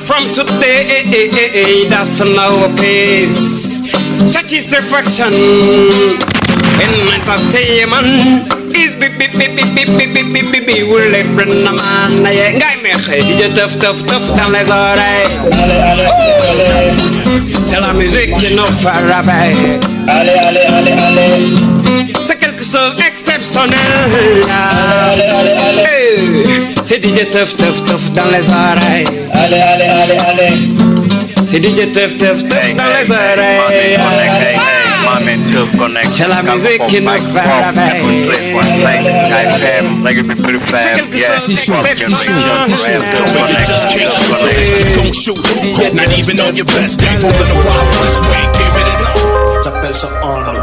from today, that's no peace. Satisfaction in entertainment is be be be be be be be be be. bi will bring a man. Ngay mexe, DJ Tuff Tuff Tuff dans les oreilles. C'est la musique qui nous fait rêver. Allez, allez, allez, allez. C'est quelque chose d'exceptionnel. Allez, allez, allez. C'est DJ Teuf Teuf Teuf dans les oreilles. Allez, allez, allez, allez. C'est DJ Teuf Teuf Teuf dans les oreilles. Ah! C'est la musique qui nous fait rêver. C'est quelque chose c'est chaud, c'est chaud, T'appelles ça on, le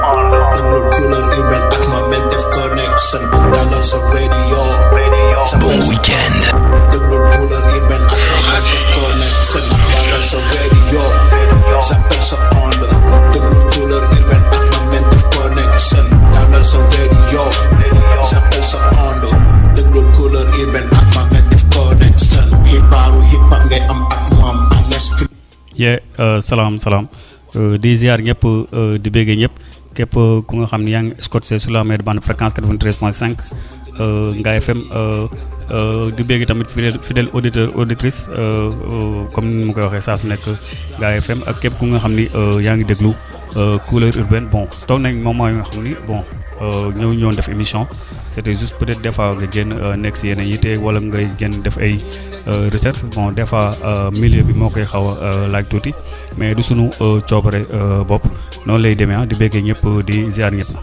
Eh, salaam salaam eh, di ziar ñëpp eh, di bégee ñëpp képp ku nga xam ne yaa ngi scotse sur la mer bande fréquence 93.5 nga fm di bégg tamit fidèle auditeur auditrice comme mu koy waxee saa su nekk nga fm ak képp ku nga xam ni yaa ngi déglu couleur urbaine bon toog nañ moom mooy nga xam ni bon ñëw ñëw def émission c'était juste peut-être des fois nga génn euh, nekk si yeneen te wala nga génn def ay euh, recherche bon des fois euh, milieu bi moo koy xaw a laaj tuuti mais du sunu coobare bopp noonu lay demee ah di békkee ñëpp di ziar ñëpp.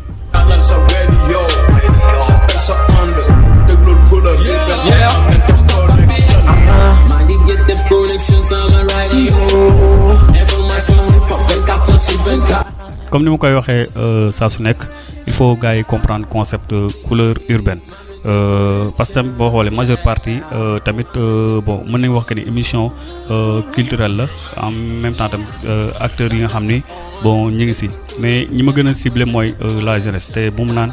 comme ni ma koy waxee euh, saa su nekk il faut gars yi comprendre concept couleur urbaine euh, parce que tamit boo xoolee majeure partie euh, tamit bon mën nañ wax que ni émission culturelle la en même temps tamit acteurs yi nga xam ni bon ñu ngi si mais ñi ma gën a ciblé mooy la jeunesse te bu mu naan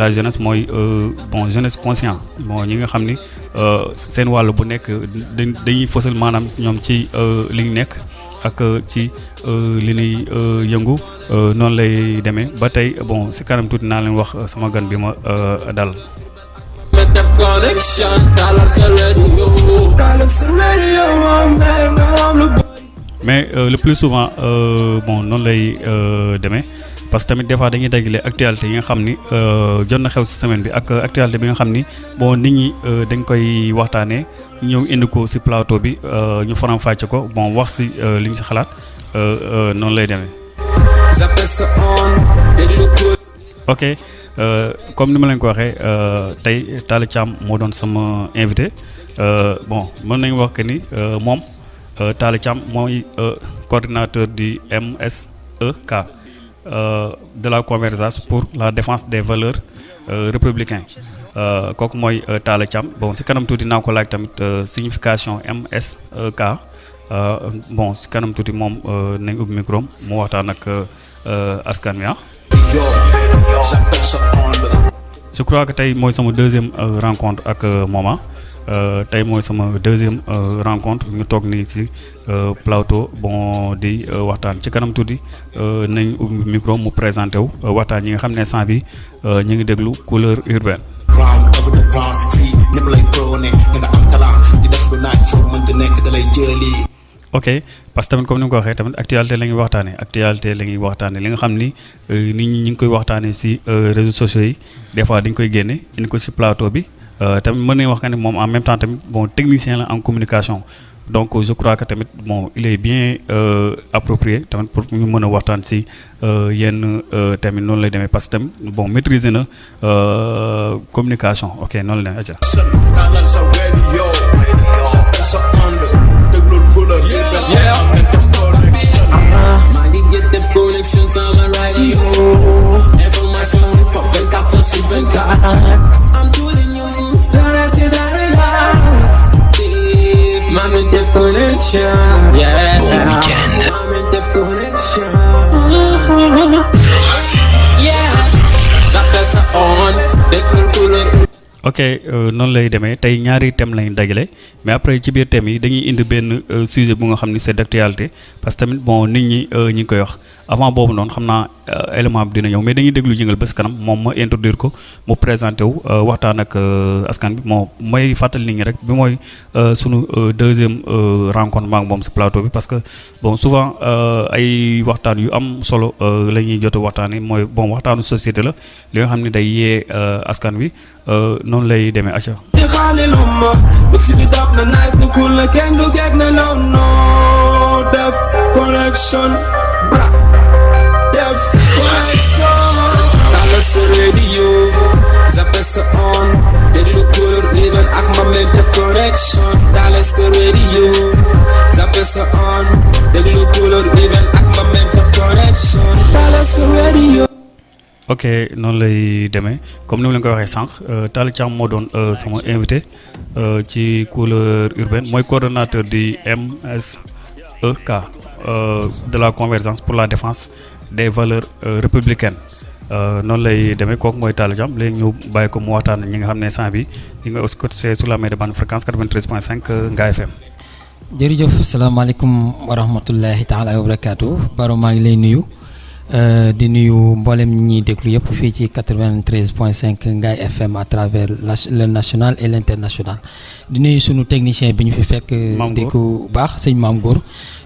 la jeunesse mooy bon jeunesse conscient bon ñi nga xam ni seen wàll bu nekk dañuy fësal maanaam ñoom ci li ñu nekk. ak euh, ci euh, li nuy euh, yëngu noonu lay deme ba tey bon si kanam tuuti naa leen wax sama gan bi ma dal mais le plus souvent bon noonu lay demee parce que tamit des fois dañuy dajale actualité yi nga xam ni euh, jot na xew si semaine bi ak euh, actualité bi nga xam ni bon nit ñi euh, dañ koy waxtaanee ñëw indi ko si plateau bi ñu faram fàcce ko bon wax si li ñu si xalaat noonu lay demee. ok comme ni ma leen ko waxee tey Talla Thiam moo doon sama invité bon mën nañu wax que ni moom Talla Thiam mooy coordinateur di MSEK. Euh, de la conversation pour la défense des valeurs euh, républicaines euh, bon si kanam de la tamit signification MSK bon si kanam micro euh, ah. je crois que c'est ma deuxième rencontre avec Moma ah. Euh, tey mooy sama deuxième euh, rencontre ñu toog nii ci euh, plateau bon di waxtaan ci kanam tuuti nañ ubbi micro mu présenté wu waxtaan ñi nga xam ne sant bi ñu ngi déglu couleur urbaine. ok parce que tamit comme ni nga ko waxee tamit actualité la ñuy waxtaanee actualité la ñuy li nga xam ni nit ñi ñu ngi koy waxtaanee ci réseaux sociaux yi des fois dañ koy génne indi ko ci plateau bi. Euh, tamit mën un en même temps bon technicien en communication donc je crois que il est bien euh, approprié pour si euh, yenn tamit bon maîtriser communication ok connection. Yeah. weekend. I'm in deep connection. Yeah. That on. They can it. ok euh, noonu lay demee tey ñaari thèmes lañu dajale mais après ci biir thèmes yi dañuy indi benn euh, sujet bu nga xam ni c'est d'actualité parce que tamit bon nit ñi euh, ñi ngi koy wax avant boobu noonu xam naa élément bi dina ñëw mais dañuy déglu jëngal bés kanam moom ma introduire ko mu présenté wu waxtaan ak askan bi moo may fàttali nit ñi rek bi mooy sunu deuxième rencontre maak moom si plateau bi parce que bon souvent ay waxtaan yu am solo la ñuy jot waxtaan yi mooy bon waxtaanu société la li nga xam ne day yee askan bi non lay démé acha Dallas radio ok non lay demee comme nous ma leen ko waxee sànq euh, Talla Thiam moo doon euh, sama invité euh, ci couleur urbaine coordonnateur du MSEK de la convergence pour la défense des valeurs républicaines noonu lay demee kooku mooy Talla Thiam léegi ñu bàyyi ko mu waxtaan ñi nga xam ne bi la fréquence 93.5 FM. wa taala wa ngi euh, di nuyu mboolem ñi déglu yépp fii ci 93.5 point FM à travers le national et l'international di nuyu sunu technicien bi ñu fi fekk. Euh, di ko baax sëñ Maam Góor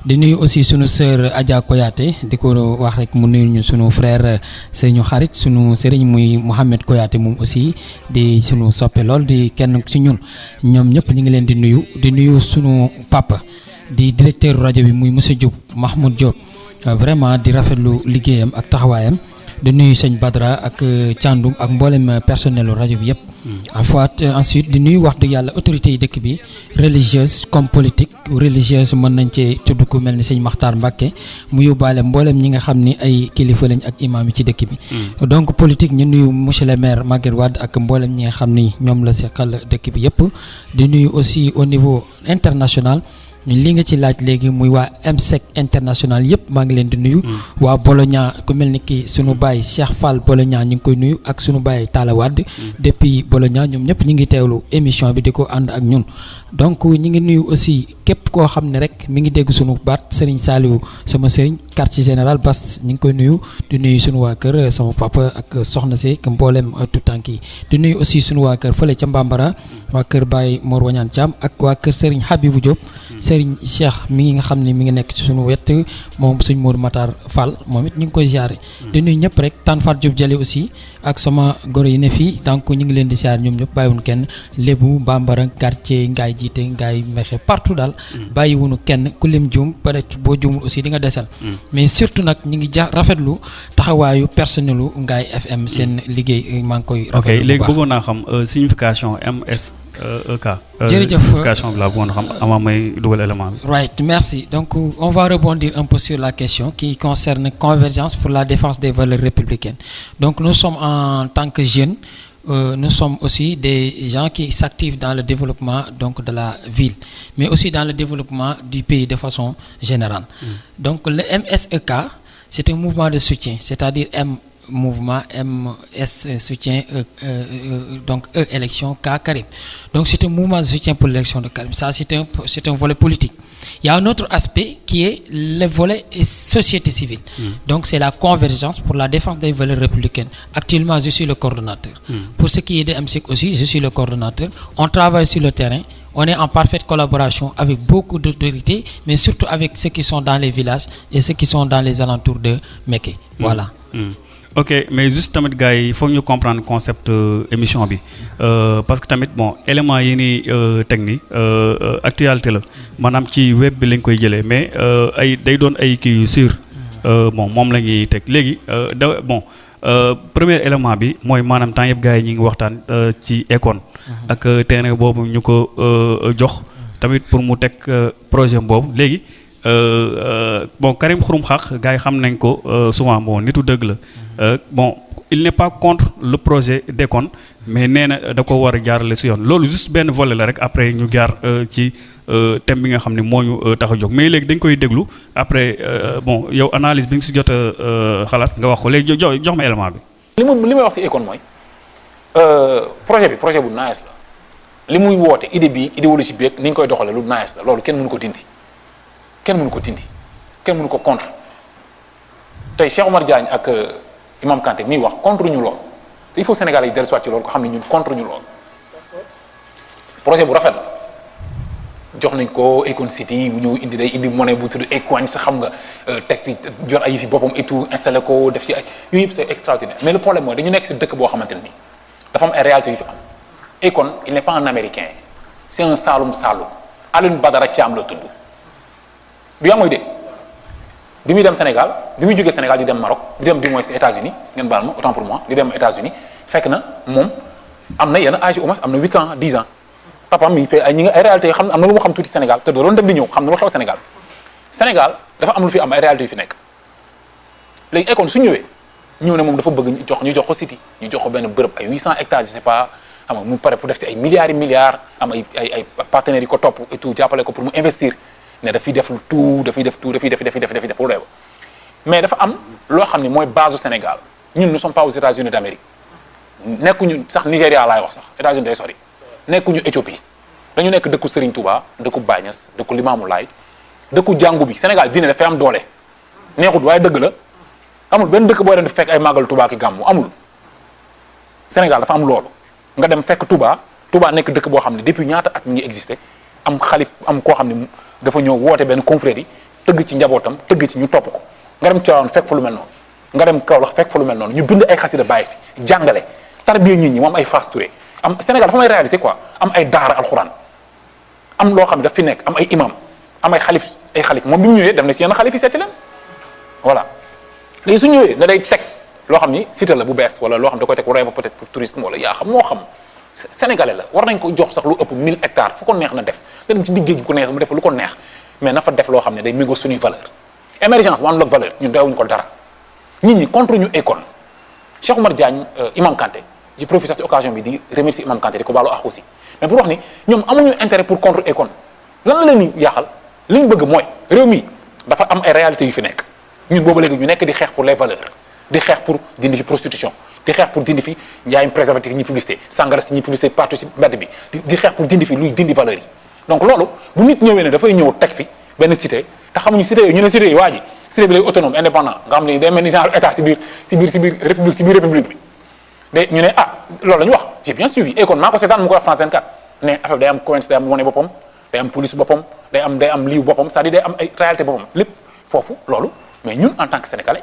di nuyu aussi sunu sœur Adja Koyaté di ko wax rek mu nuyu ñu sunu frère euh, sëñu xarit sunu sëriñ muy Mohamed Koyaté moom aussi di sunu soppe lool di kenn ci ñun ñoom ñëpp ñi ngi leen di nuyu di nuyu sunu papa di directeur rajo bi muy monsieur Diop Mahmoud Diop. Euh, vraiment di rafetlu liggéeyam ak taxawaayam di nuyu sëñ Badra ak euh, Thiandoum ak mboolem euh, personnelu rajo bi yëpp. Hmm. en fait ensuite di nuyu wax dëgg yàlla autorités yi dëkk bi religieuse comme politique religieuse mën nañ cee tudd ku mel ni sëñ Makhtar Mbacke mu yóbbaale mboolem ñi nga xam ni ay kilifa lañ ak imam yi ci dëkk bi. Hmm. donc politique ñu nuyu monsieur le maire Maguette Wade ak mboolem ñi nga xam ni ñoom la seqal dëkk bi yëpp di nuyu aussi au niveau international. li nga ci laaj léegi muy waa MSEC international yëpp maa ngi leen di nuyu. Mm. waa Bologna ku mel ni ki sunu baay Cheikh Fall Bologna ñu ngi koy nuyu ak sunu baay Talla Wade. Mm. depuis Bologna ñoom ñëpp ñu ngi teewlu émission bi di ko ànd ak ñun. donc ñu ngi nuyu aussi képp koo xam ne rek mi ngi dégg sunu baat Serigne saaliwu sama Serigne quartier général Bass ñu ngi koy nuyu di nuyu sunu waa kër eh, sama papa ak soxna si ak mboolem eh, tout tànk yi di nuyu aussi sunu waa kër fële ca Mbambara mm. waa kër Baye Mor Wañaan Thiam ak waa kër Serigne Serigne Cheikh mi ngi nga xam ne mi ngi nekk ci suñu wet moom suñ Mour Matar Fall moom it ñu ngi koy ziare. Hmm. di nuyu ñëpp rek Tane Fatou Diop aussi ak sama goro yi ne fii donc ñu ngi leen di ziare ñoom ñëpp bàyyiwuñu kenn lébu bambara quartier ngaay jiite ngaay mexe partout daal. Hmm. bàyyiwuñu kenn ku lim juum peut-être boo juumul aussi di nga desal. Hmm. mais surtout nag ñu ngi ja rafetlu taxawaayu personnelu ngaay FM seen liggéey maa ngi koy. rafetlu bu baax bëggoon naa xam euh, signification MS. Euh, euh, merci donc on va rebondir un peu sur la question qui concerne convergence pour la défense des valeurs républicaines donc nous sommes en tant que jeunes. Euh, nous sommes aussi des gens qui s'activent dans le développement donc de la ville, mais aussi dans le développement du pays de façon générale. Mm. Donc le MSEK, c'est un mouvement de soutien, c'est-à-dire M mouvement MS soutien e, e, e, donc e élection K Karim. Donc c'est un mouvement de soutien pour l'élection de Karim. Ça c'est un c'est un volet politique. Il y a un autre aspect qui est le volet société civile. Mm. Donc c'est la convergence pour la défense des valeurs républicaines. Actuellement je suis le coordonnateur. Mm. Pour ce qui est de MSIC aussi je suis le coordonnateur. On travaille sur le terrain. On est en parfaite collaboration avec beaucoup d'autorités, mais surtout avec ceux qui sont dans les villages et ceux qui sont dans les alentours de Meké. Mm. Voilà. ok mais juste tamit gars yi foog ñu comprendre concept euh, émission bi euh, parce que tamit bon élément yi ni euh, teg ni actualité la maanaam ci web bi lañ koy jëlee mais ay day doon ay kii yu sûr bon moom la ñuy teg léegi da bon premier élément bi mooy maanaam temps yëpp gars yi ñu ngi waxtaan ci Akon mhm. ak terrain boobu ñu ko jox mhm. tamit pour mu teg projet boobu léegi. Euh, euh, bon Karim Khouroum Khakh gars yi xam nañ ko euh, souvent bon nitu deug la mhm. bon il n'est pas contre le projet Décon mais nee da ko war a le si yoon loolu juste ben volet la rek après ñu jaar ci thème bi nga xamni moñu moo ñu mais légui dañ koy déglu après bon yow analyse bi nga si jotta a xalaat nga wax ko légui jox ma élément bi. li ma li may wax si Décon projet bi projet bu nice la limuy woté idée bi idéologie bi ni ñu koy doxale lu nice la lolou kenn mënu ko dindi kenn mënu ko tindi kenn mënu ko contre tey Cheikh Omar Diagne ak euh, Imam Kanté mi wax contre ñu lool il faut Sénégalais yi dellusiwaat ci loolu ko xam ne ñun contre ñu lool projet bu rafet la jox nañ ko Econ City mu ñëw indi day indi monnaie bu tudd Ecoin sa xam nga euh, teg fi jor ay fi boppam et tout installé ko def ci ay yooyu yëpp c'est extraordinaire mais le problème mooy dañu nekk si dëkk boo xamante ne nii dafa am ay réalité yu fi am Econ il n'est pas un américain c'est un Saloum Saloum Alioune Badara Thiam la tudd du yaa mooy de bi muy dem Sénégal bi muy jógee Sénégal di dem Maroc di dem du moins si États-Unis ngeen baal ma autant pour moi di dem États-Unis fekk na moom am na yenn âge au moins am na 8 ans 10 ans papa mi fait ay ñi nga ay réalités yoo xam am na lu mu xam tuuti Sénégal te doon dem di ñëw xam na lu xew Sénégal Sénégal dafa am lu fi am ay réalités fi nekk léegi Akon su ñëwee ñëw ne moom dafa bëgg ñu jox ñu jox ko city ñu jox ko benn bërëb ay 800 hectares je sais pas xam mu pare pour def ci ay milliards et milliards am ay ay ay partenaires yi ko topp et tout jàppale ko pour mu investir ne dafay def lu tout dafay def tout dafay def dafay def dafay def loolu mais dafa am lo xamni moy mooy base Sénégal ñun nous sommes pas aux États-Unis d'Amérique nekkuñu sax nigeria lay wax sax États-Unis day sori nekkuñu Éthiopie dañu nekk dëkku Serigne Touba dëkku Baye Niass dëkku Limaamu Laay dëkku jàngu bi Sénégal dina dafay am doole neexut waaye dëgg la amul benn dëkk booy leen di fekk ay màggal Touba ki gàmmu amul Sénégal dafa am loolu nga dem fekk Touba Touba nekk dëkk boo xam ne depuis ñaata at mi ngi existé am xalif am koo xam ne dafa ñëw woote benn confrère yi tëgg ci njabootam tëgg ci ñu topp ko nga dem Tiwaawan fekk fa lu mel noonu nga dem Kaolack fekk fa lu mel ñu bind ay xasida bàyyi fi jàngale tarbiya nit ñi moom ay Fass Touré am Sénégal dafa may réalité quoi am ay daara alxuraan am loo xam ne daf fi nekk am ay imam am ay xalif ay xalif moom bi mu ñëwee dem na si yenn xalif yi seeti leen voilà léegi su ñëwee da day teg loo xam ni cité la bu bees wala loo xam da koy teg rey ba peut-être pour tourisme wala yaa xam moo xam sénégalais la war nañ ko jox sax lu ëpp 1000 hectares fu ko neex na def nga dem ci digg gi ku neex mu def lu ko neex mais na fa def loo xam ne day méngoo suñuy valeur émergence mu àndul ak valeur ñun doyewuñu ko dara nit ñi contre ñu école Cheikh Oumar Diagne euh, Imam Kanté ji profite ci occasion bi di remercier Imam Kanté di ko baalu ak aussi mais pour wax ni ñoom amuñu intérêt pour contre école lan la leen yaaxal li ñu bëgg mooy réew mi dafa am ay réalités yu fi nekk ñun boobu léegi ñu nekk di xeex pour les valeurs di xeex pour dindi fi prostitution di xex pour dindi fi njaayum préservatif ñi publicité sangara ci ñi publicité partout si mbedd bi di xex pour dindi fi luy dindi valeur yi donc lolu bu nit ñëwé né da fay ñëw tek fi ben cité te xamuñu cité ñu né cité yi cité bi lay autonome indépendant nga xam ne day mel genre état ci biir ci biir ci biir république ci biir république bi ñu né ah lolu lañ wax j'ai bien suivi et kon maa ko seetaan mu ko France 24 né affaire day am coince day am woné bopom day am police bopom day am day am liiw bopom c'est-à-dire day am ay réalité bopom lépp fofu lolu mais ñun en tant que sénégalais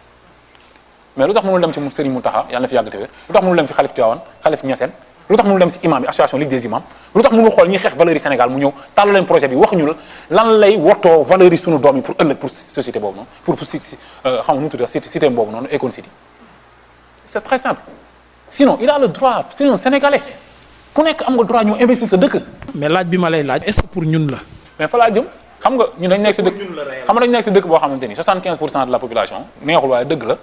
mais lu tax mënul dem ci Serigne moutaha yalla fi yag te wér lu tax mënul dem ci xalif tiawan xalif Niassène lu tax mënul dem ci imam yi association Ligue des imams lu tax mënul xool ñuy xeex valeurs Sénégal mu ñew tàllu leen projet bi wax ñu lan lay wottoo valeurs yi sunu doom yi pour ëllëg pour société bobu non pour pour euh, xam nga nu mu tudd cité bobu non Akon City c'est très simple sinon il a le droit c'est un sénégalais ku nekk am nga droit ñu investir sa dëkk. mais laaj bi ma lay laaj est-ce pour ñun la. mais fa la jëm xam nga ñun dañ nekk si dëkk xam nga dañ nekk si dëkk boo xamante ni 75 de la population neexul waaye dëgg la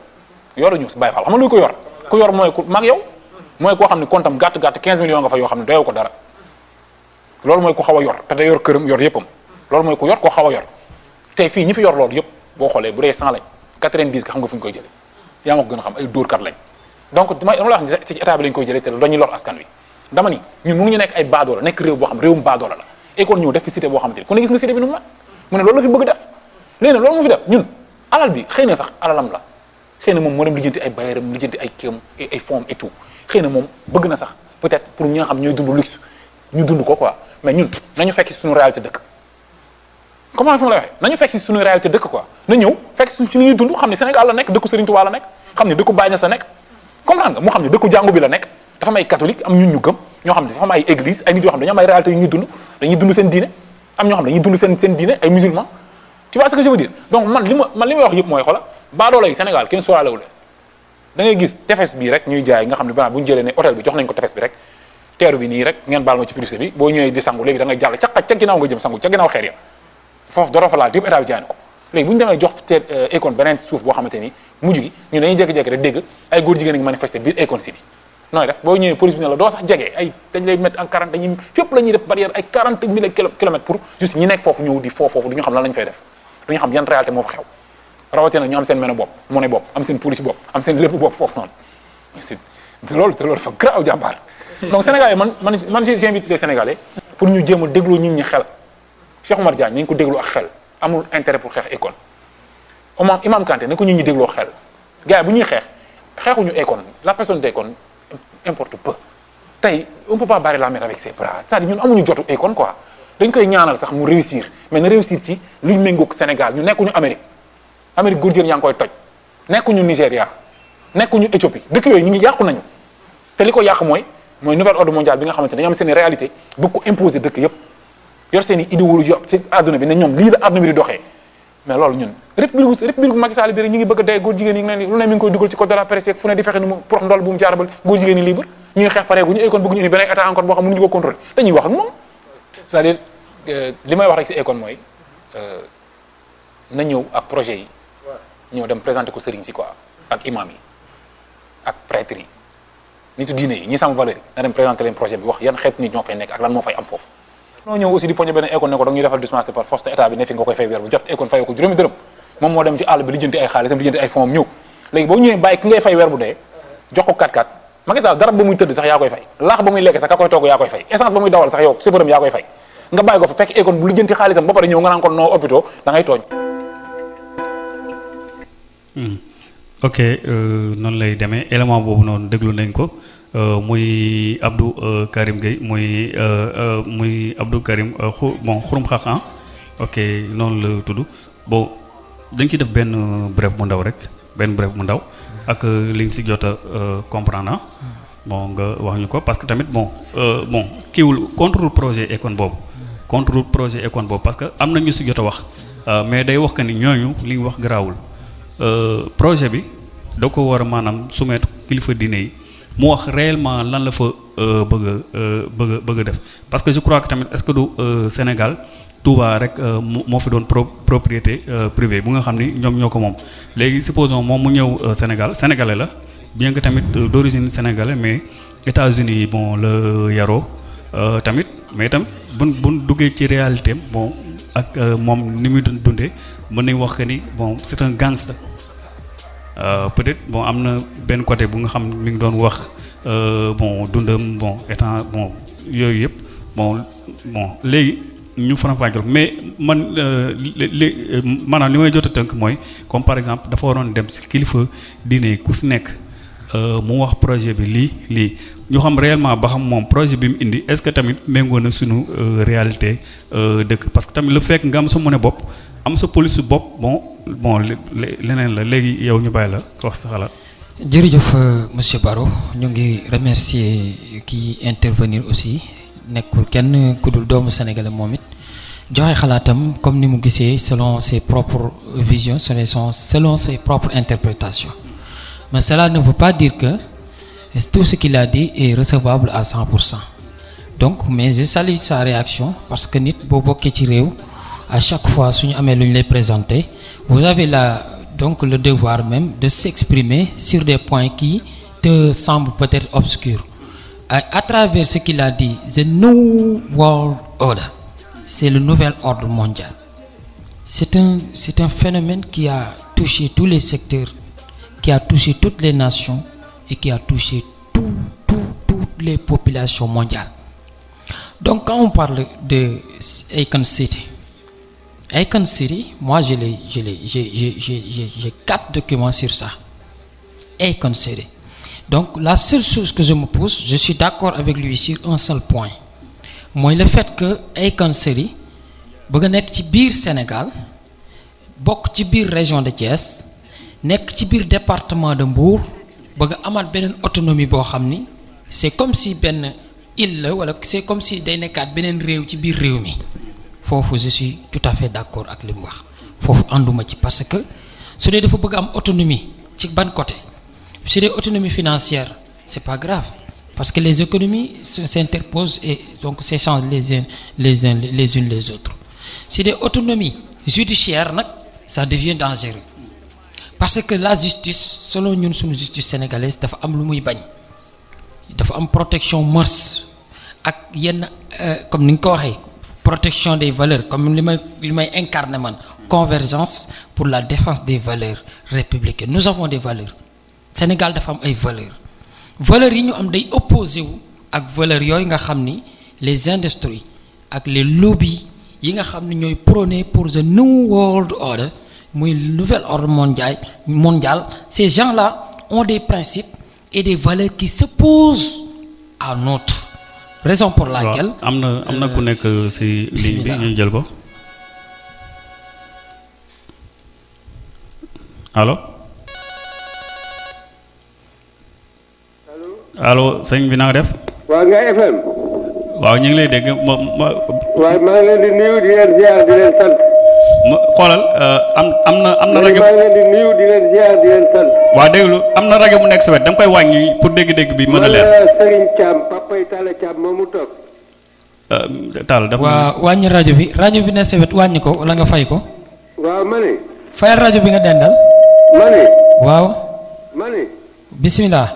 yoru ñu bay fall xam nga lu ko yor ku yor moy ku mag yow moy ko xamni kontam gatt gatt 15 millions nga fa yo xamni doyo ko dara lool moy ku xawa yor te day yor kërëm yor yépam lool moy ku yor ko xawa yor te fi ñi fi yor lool yépp bo xolé bu réy 100 lañ 90 nga xam nga fuñ koy jëlé ya mako gëna xam ay door kat lañ donc dama la wax ci état bi lañ koy jëlé te dañu lor askan wi dama ni ñun mu ngi nek ay bado la nek réew bo xam réewum bado la école ñu def ci cité bo xamanteni ku ne gis nga cité bi numu la mu ne loolu fi bëgg def neena loolu mu fi def ñun alal bi xeyna sax alalam la xëy mom moom moo dem lijjanti ay bayeeram lijjanti ay kéem ay fonds et tout xëy mom bëgg na sax peut-être pour ñi nga xam ñooy dund luxe ñu dund ko quoi mais ñun nañu fekk si suñu réalité dëkk comment fa ma lay waxee nañu fekk si suñu réalité dëkk quoi na ñëw fekk si suñu dund xamni Sénégal la nek dëkku Serigne Touba la nek xamni ne dëkku Baye Niass la comprendre nga mo xamni ne dëkku jàngu bi la nek dafa may catholique am ñun ñu gëm ño xamni dafa may église ay nit yo xamni dañu may réalité yu ñuy dund dañuy dund seen diiné am ño xamni ne dañuy dund seen seen diiné ay musulmans tu vois ce que je veux dire donc man li ma man li wax yëpp moy xola baadoola yi Sénégal kenn sóoraale wu leen gis tefes bi rek ñuy jaay nga xam ne bana bu jëlee ne hôtel bi jox nañ ko tefes bi rek teeru bi nii rek ngeen baal ma ci na ko léegi bu ñu demee jox te euh, Akon beneen suuf boo xamante ni mujj gi police bi ne la doo sax jege ay dañ lay mettre en quarante dañuy fépp la xam yan réalité moo fa xew rawatina ñu am seen mën a moné mu am seen police bopp am seen lepp bopp foofu noonu c'est loolu te loolu fa grave jàmbaar donc sénégalais man man man j'invite les sénégalais pour ñu jéem a déglu nit ñi xel Cheikh omar Diagne nañ ko déglu ak xel amul intérêt pour xeex école Omar Imam Kanté nañ ko nit ñi dégloo xel gars yi bu ñuy xeex xeexuñu école la personne d'école importe peu tay on peut pas barrer la mer avec ses bras c'est-à-dire ñun amuñu jotu école quoi dañ koy ñaanal sax mu réussir mais na réussir ci luñ méngoog Sénégal ñu nekkunu Amérique Amérique gourdière yaa ngi koy toj nekkuñu Nigéria nekkuñu Éthiopie dëkk yooyu ñu ngi yàqu nañu te li ko yàq mooy mooy nouvel ordre mondial bi nga xamante ne am seen réalité bëgg ko imposer yëpp yor i idéologie ci bi ne ñoom lii la àdduna bi di ñu ngi a dee góor jigéen yi lu ne mi ngi koy dugal ci code de la presse fu ne dañuy wax moom cest à euh, li may wax rek ci école mooy euh, na ñëw ak projet yi ñoo dem présenté ko sëriñ si quoi ak imam yi ak prêtre yi yi ñi sam valeur yi dem présenté leen projet bi wax yan xeet nit ñoo fay nekk ak lan moo fay am foofu noo ñëw aussi di poñe benn école ne ko defal dispense par force te bi ne fi nga koy fay weer bu jot école fayoo ko juróomi dërëm moom moo dem ci àll bi lijjanti ay xaalisam lijjanti ay fonds ñëw léegi boo ñëwee bàyyi ki ngay fay weer bu dee jox ko 4 4 Macky Sall ba muy Mm-hmm. ok euh, noonu lay demee élément boobu noonu déglu nañ ko euh, euh, muy Abdou Karim Gueye muy muy Abdou Karim xu bon xurum ah. ok noonu la tudd bon dañ ci def benn bref bu ndaw rek benn bref bu ndaw ak li si jot a comprendre ah. bon nga wax ñu ko parce que tamit bon bon kiiwul contre projet Akon boobu. contre projet Akon boobu parce que am na ñu si jot a wax mais day wax que ni ñooñu li wax garaawul. Euh, projet bi da ko war a maanaam soumettre kilifa dine yi mu wax réellement lan la fa euh, euh, bëgg a bëgg bëgg def parce que je crois que tamit est-ce que du Sénégal Touba rek moo fi doon pro propriété privée bu nga xam ni ñoom ñoo ko moom léegi supposons moom mu ñëw Sénégal sénégalais la bien que tamit d'origine sénégalais mais États-Unis bon la yaroo tamit mais itam buñ buñ duggee ci réalité bon ak euh, moom ni muy doon dundee mën nañ wax que ni bon c'est un gangster euh, peut-être bon am na benn côté bu nga xam mi ngi doon wax euh, bon dundam bon état bon yooyu yëpp bon bon léegi ñu faram-fàcceel mais man li maanaam li may jot a tënk mooy comme par exemple dafa waroon dem si kilifa diine ku si nekk. Euh, mu wax projet bi lii lii ñu xam réellement ba xam moom projet bi mu indi est-ce que tamit méngoo na suñu euh, réalité euh, dëkk parce que tamit le fekk nga am sa mën a bopp am sa police su bopp bon bon leneen la léegi yow ñu bàyyi la wax sa xalaat. jërëjëf monsieur Baro ñu ngi remercier ki intervenir aussi nekkul kenn ku dul doomu sénégalais moom it joxe xalaatam comme ni mu gisee selon ses propres visions selon selon ses propres interprétations. Mais cela ne veut pas dire que tout ce qu'il a dit est recevable à 100%. Donc, mais je salue sa réaction parce que nit bobo Ketireo, à chaque fois, que nous les présenté, vous avez la, donc le devoir même de s'exprimer sur des points qui te semblent peut-être obscurs. À, travers ce qu'il a dit, The New World Order, c'est le nouvel ordre mondial. C'est un, c'est un phénomène qui a touché tous les secteurs qui a touché toutes les nations et qui a touché toutes les populations mondiales. Donc quand on parle de Icon City, Icon City, moi j'ai quatre documents sur ça. Icon City. Donc la seule chose que je me pose, je suis d'accord avec lui sur un seul point. Moi, le fait que Icon City, bu Tibir Sénégal Bok ci région de Thiès nekk ci biir département de Mbour bëgg a amaat beneen autonomie boo xam ni c'est comme si benn il la wala c'est comme si day nekkaat beneen réew ci biir réew mi foofu je suis tout à fait d'accord ak li mu wax foofu anduma ci parce que su dee dafa bëgg am autonomie ci ban côté su dee autonomie financière c'est pas grave parce que les économies s'interposent et donc s'échangent les uns les uns les unes les autres su dee autonomie judiciaire nag ça devient dangereux parce que la justice selon ñun suñu justice sénégalaise dafa am lu muy bañ dafa am protection mœurs ak yenn euh, comme nous le ko protection des valeurs comme li may li convergence pour la défense des valeurs républicaines nous avons des valeurs Sénégal dafa am ay valeurs valeurs yi ñu am day wu valeurs yoy nga xamni les industries les lobbies yi nga xamni pour the new world order le nouvel ordre mondial mondial ces gens-là ont des principes et des valeurs qui s'opposent à notre raison pour laquelle Amna, amna am que ku nekk Allô. Euh, ligne bi ñu jël ko allo allo sëñ bi na def FM Wa ñu ngi lay dégg ma ma ngi leen di nuyu di leen ziar di leen sant ma xoolal euh, am am na am na rajo. maa ngi leen di nuyu di leen ziar di leen sant. waa déglu am na rajo bu nekk sa wet da koy wàññi pour dégg-dégg bi mën a leer. Serigne Thiam papay Talla Thiam moom mu toog. Euh, Talla dafa. waaw wàññi rajo bi rajo bi nekk sa wet wàññi ko wala nga fay ko. waaw ma ne. rajo bi nga dendal. ma ne. waaw. ma ne. bisimilah.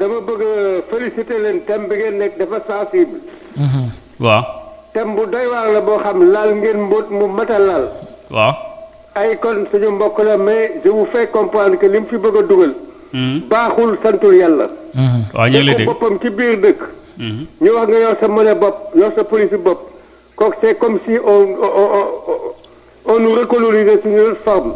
dama bëgg féliciter leen bi ngeen nekk dafa sensible. Mhm. waaw. thème bu doy waar la boo xam laal ngeen mbóot mu mat a laal. waaw. ay kon suñu mbokk la mais je vous fais comprendre que li mu fi bëgg a dugal. Hmm. baaxul santul yàlla. Hmm. ci biir dëkk. Hmm. ñu wax nga yor sa mëne bopp yor sa police bopp kooku c'est comme si on on nous suñu forme.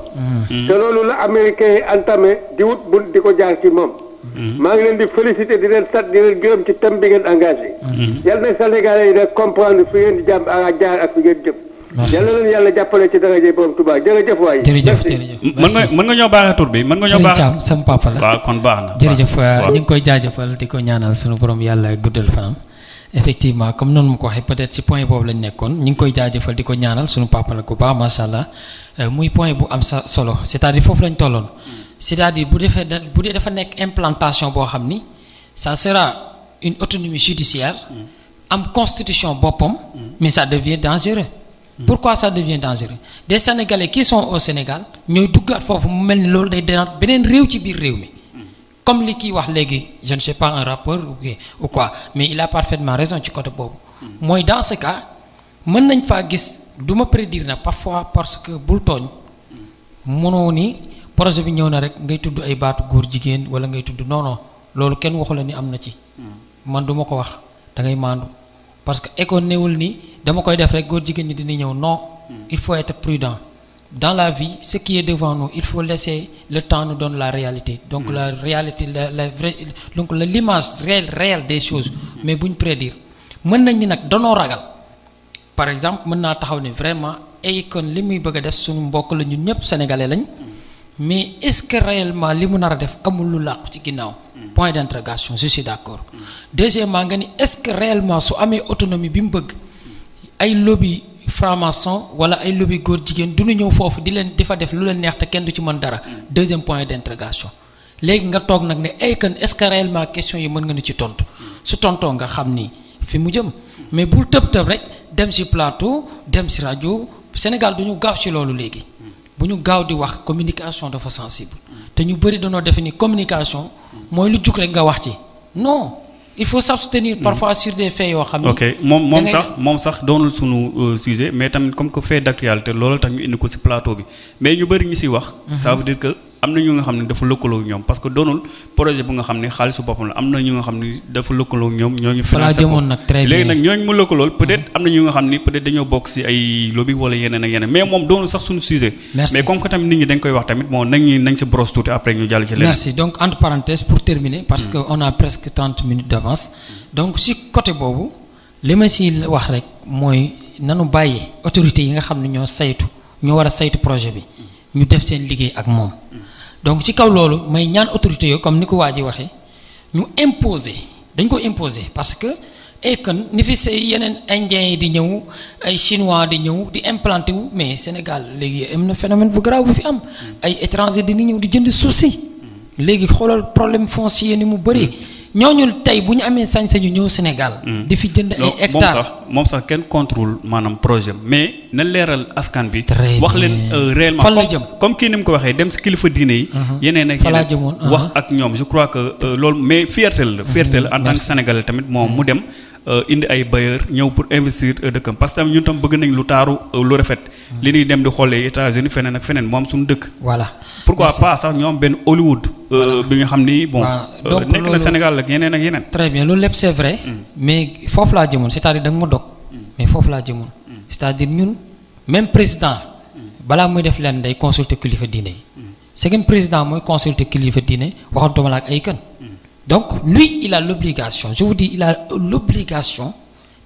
te loolu la américain yi entamé di wut bu di ko jaar ci moom. Mm-hmm. maa ngi leen di féliciter di leen sat di leen gërëm ci thème bi ngeen engagé. Mm-hmm. yal na Sénégalais yi nag comprendre fi ngeen di ak jaar ak fi ngeen jëm. merci na jàppale ci daraja borom Tuubaa jërëjëf waay. jërëjëf jërëjëf mën nga mën nga ñoo baaxee tur bi mën nga ñoo baax Sëriñ Thiam sama papa la. waaw kon baax na jërëjëf euh, ñu ngi koy jaajëfal di ko ñaanal sunu borom yàlla guddal fanam effectivement comme non ma ko peut-être ci point bobu lañ nekkoon ñu ngi koy jaajëfal diko ñaanal suñu papa la ku baax macha allah euh, muy point bu am sa solo c'est-à-dire fofu lañ tolloon. c'est-à-dire bu defee bu dee dafa nekk implantation bo xamni ça sera une autonomie judiciaire. am constitution boppam. mais ça devient dangereux. pourquoi ça devient dangereux des sénégalais qui sont au Sénégal ñoy duggat fofu mu melni lolu day dénat benen réew ci biir réew mi comme li kii wax léegi je ne sais pas un rappeur ou quoi mais il a parfaitement raison ci côté bobu Moi, dans ce cas mën nañ fa gis duma prédire na parfois parce que bul togn mënoo ni projet bi ñëw na rek ngay tuddu ay baatu goor jigen wala ngay tuddu non non lolu kenn waxu la ni ci. man duma ko wax da ngay maandu parce que éco néewul ni dama koy def rek goor jigen ni dina ñëw non. il faut être prudent dans la vie, ce qui est devant nous, il faut laisser le temps nous donner la réalité. Donc la réalité, la, vraie, donc l'image réelle, réelle des choses. Mais buñ prédire. maintenant nañ ni ragal par exemple mën naa taxaw vraiment et eh, qu'on li muy bëgg a def suñu mbokk la sénégalais mais est ce que réellement les gens sont def amul lu point d'interrogation je suis d'accord deuxièmement est ce que réellement su ami autonomie bi mu lobby franc-maçon wala ay lobby góor jigéen du ñu ñëw foofu di leen difa def lu leen neex te kenn du ci mën dara. deuxième point d'interrogation léegi nga toog nag ne ay eh, kan est-ce que réellement question yi mën nga nu ci tontu su tontoo nga xam ni fi mu jëm mais bul tëb tëb rek dem ci plateau dem ci rajo Sénégal du ñu gaaw ci loolu léegi. bu ñu gaaw di wax communication dafa sensible. te ñu bëri danoo defe ni communication. mooy lu jug rek nga wax ci non il faut s'abstenir parfois mm. sur des faits yo ok moom moom sax mom sax donul sunu euh, sujet mais comme que fait d'actualité loolu temps, ñu indi ci plateau bi mais ñu bari ñi ci wax. Mm-hmm. ça veut dire que am na ñu nga xam ne dafa lëkkaloo ak ñoom parce que donul projet bu nga xam ne xaalisu boppam la am na ñu nga xam ne dafa lëkkaloo ak ñoom ñooñu financé ko léegi nag ñooñu mu lëkkalool mm-hmm. peut être am na ñu nga xam ne peut être dañoo bokk si ay lobby wala yeneen ak yeneen mais moom donul sax suñu sujet mais comme que tamit nit ñi dañ koy wax tamit moom nañ nañ si brosse tuuti après ñu jàll ci leneen merci donc entre parenthèses pour terminer parce mm. que on a presque 30 minutes d'avance donc si côté boobu li ma si wax rek mooy nanu bàyyi autorités yi nga xam ne ñoo saytu ñoo war a saytu projet bi mm. ñu def seen liggéey ak moom mm donc ci kaw loolu may ñaan autorité yo comme ni ko waa waxee ñu imposer dañ ko imposer parce que ay eh, Akon ni fi say yeneen indien yi di ñëw ay chinois di ñëw di implanté wu mais Sénégal léegi am na phénomène bu garaaw bu fi am mm. ay étrangers di ñëw di jënd souci si mm. léegi xoolal problème foncier ni mu bëri. Mm. ñooñu tey bu ñu amee sañ-sañu ñëw Sénégal. Hmm. di fi jënd ay hectares moom sax kenn contrôle maanaam projet mais na leeral askan bi. wax leen euh, réellement fan la jëm comme kii ni mu ko waxee dem si kilifa diine yi. Mhm. yeneen ak yeneen wax ak ñoom je crois que euh, loolu mais fierté la fierté la mhm. en tant que tamit moom mu mhm. dem. Euh, indi ay bailleurs ñëw pour investir euh, dëkkam parce que tamit ñun tam bëgg nañ lu taaru euh, lu rafet. Hmm. li nuy dem di xoolee États-Unis feneen ak feneen moom suñu dëkk. voilà pourquoi pas sax ñoom benn Hollywood. bi ñu xam ni bon. nekk na Sénégal ak yeneen ak yeneen. très bien loolu lépp c'est hmm. mais foofu laa jëmoon c'est-à-dire da nga ma dog. Hmm. mais foofu laa jëmoon. c'est-à-dire ñun même président. balaa muy def leen day consulter kilifa diine yi. c'est président mooy consulter kilifa diine waxantuma la Donc, lui, il a l'obligation, je vous dis, il a l'obligation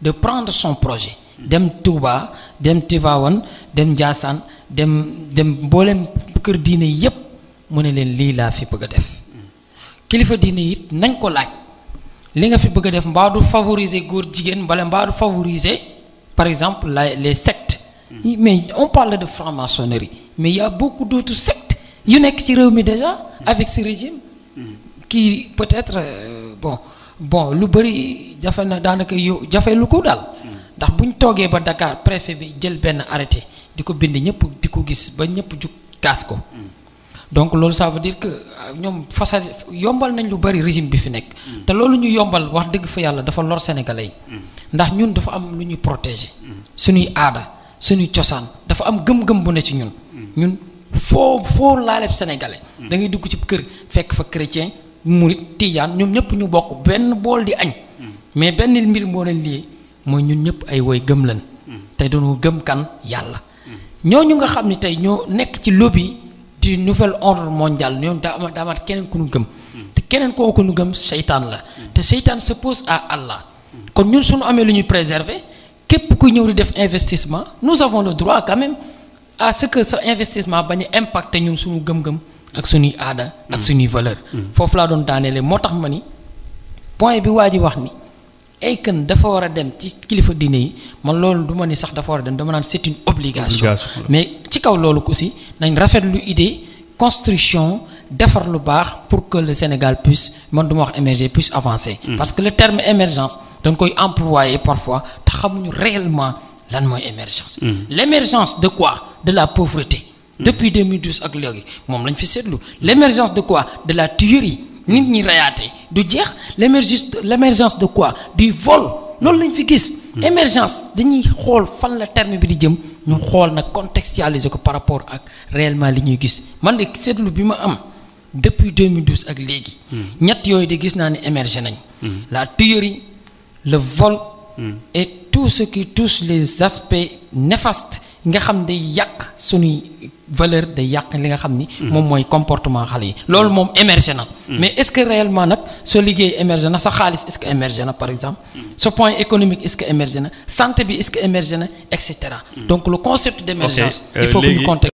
de prendre son projet. dem Touba dem Tivaouane dem jasan, dem dem Bolem kër diine yépp mu ne fi bëgg def kilifa diine it a ko laaj fi bëgg a favoriser góor il favoriser par exemple les sectes hmm. mais on parle de franc-maçonnerie mais il y a beaucoup d'autres sectes yu nekk ci qui déjà hmm. avec ce régime hmm qui peut-être euh, bon bon lu bari jafé na danaka yow jafe lu ko dal ndax buñ togué ba Dakar préfet bi jël ben arrêté diko bind ñëpp diko gis ba ñëpp ju casque donc lolu ça veut dire que euh, ñoom fasa yombal nañ lu bari régime bi fi nek té lolu ñu yombal wax dëgg fa yalla dafa lor sénégalais ndax ñun dafa am lu ñuy protéger. suñuy aada suñuy cosaan dafa am gëm-gëm bu ne ci ñun. ñun fo fo laaleeb sénégalais. da ngay dugg ci kër fekk fa chrétien. murit tijaan ñoom ñëpp ñu bokk benn bool di añ mais benn mbir moo leen lii mooy ñun ñëpp ay woy gëm lan tey dañoo gëm kan yàlla ñoo ñu nga xam ne tey ñoo nekk ci lobby du nouvel ordre mondial ñoom daa daamaat keneen ku nu gëm te keneen kooku ñu gëm seytaan la te seytaan s'oppose à Allah kon ñun su suñu amee lu ñuy préserver képp ku ñëw di def investissement nous avons le droit quand même ce que sa investissement bañ a impacter ñun suñu gëm-gëm ak suñuy aada. ak suñuy valeur. foofu laa doon daanelee moo tax ma ni point bi waa ji wax ni Akon dafa war a dem ci kilifa diine yi man loolu du ma ni sax dafa war a dem dama naan c'est une obligation. mais ci kaw loolu aussi nañ rafetlu idée construction defar lu baax pour que le Sénégal puisse man du ma wax émerger puisse avancer. Mm. parce que le terme émergence dañ koy employer parfois te xamuñu réellement lan mooy émergence. Mm. l'émergence de quoi de la pauvreté. Hmm. depuis 2012 ak léegi mom lañ fi sétlu l'émergence de quoi de la tuerie nit ñi rayaté du jeex l'émergence, l'émergence de quoi du vol loolu lañ fi gis. Hmm. émergence dañuy xool fan la terme bi di jëm ñu xool nag contextualiser ko par rapport ak réellement li ñuy gis man de seetlu bi ma am depuis 2012 ak léegi. Hmm. ñett yooyu de gis naa ni émerger nañ. la théorie, le vol. et tout ce qui touche les aspects néfastes nga xam day yàq suñuy valeur day yàq li nga xam ni. Mhm. moom mooy comportement xale yi. loolu mhm. moom émergé na. Mhm. mais est-ce que réellement nag sa liggéey émergé na sa xaalis est-ce que émergé na par exemple. sa point économique est-ce que émergé na santé bi est-ce que émergé na et cetera. donc le concept d'émergence. Euh, il faut que ñu